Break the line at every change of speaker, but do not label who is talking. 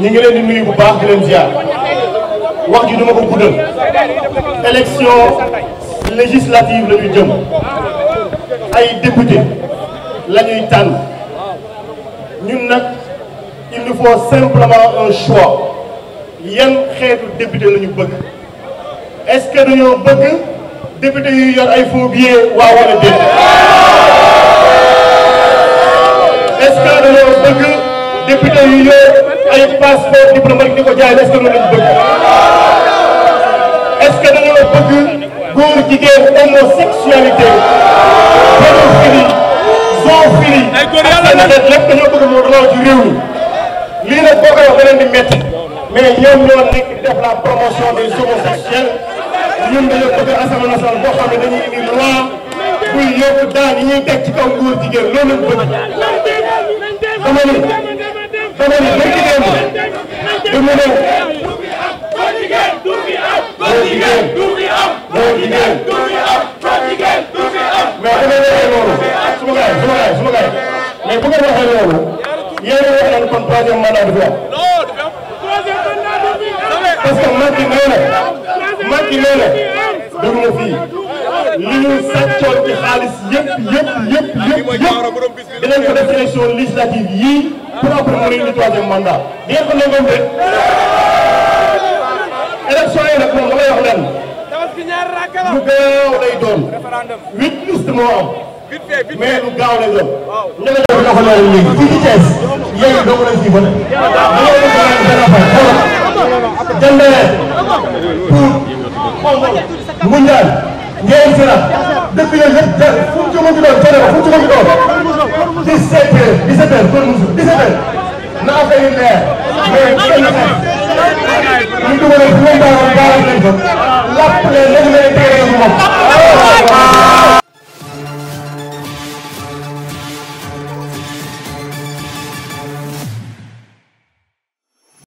ñu ngi leen di nuyu bu baax di leen ziar wax ji duma ko guddal élection législative la ñu jëm ay député la tànn ñun nag il nous faut simplement un choix yan xeetu député la ñu bëgg est-ce que bëgg député yu yor ay faux waa wala déet est-ce bëgg député yu yor ay passeport diplomatique di ko jaay est-ce que loolu lañu bëgg est-ce que dañoo bëgg góor jigéen homosexualité pédophilie zoophilie ak lépp dañoo bëgg mu raw ci réew mi lii nag boo koy wax da leen di métti mais ñoom ñoo nekk def la promotion des homosexuels ñun dañoo bëgg yokk daan yi ñuy teg jigéen loolu lañu bëgg ñu ne. góor jigéen du fi am. góor jigéen du fi am. góor jigéen du fi am. góor jigéen du fi am. mais bu ngeen waxee loolu. su ma gaay su ma gaay su ma gaay mais bu ngeen waxee loolu. yéen a wax naan kon troisième mandat du fi am. parce que Macky nee na. Macky nee na. dégg nga fii. li ñu sàccoon ci xaalis yëpp yëpp yëpp yëpp yëpp dinañ ko def élection législative yii. pourquoi proposer le troisième mandat. di ngeen ko nangoon de. élection yi nag moom damay wax lenn. lu gaaw lay doon. huit liste moo am. mais lu gaaw lay doon. ñu ne la ko laal léegi fii ci Thiès yéen a doon fii ba ne. jëndee pour. Ngoundiane. Ndiéyène Sirakh. dëkk yooyu yëpp fu mu ci mën di doon fu mu ci mën di doon. 17 heures 17 heures kon 17 heures na affaire yi leer mais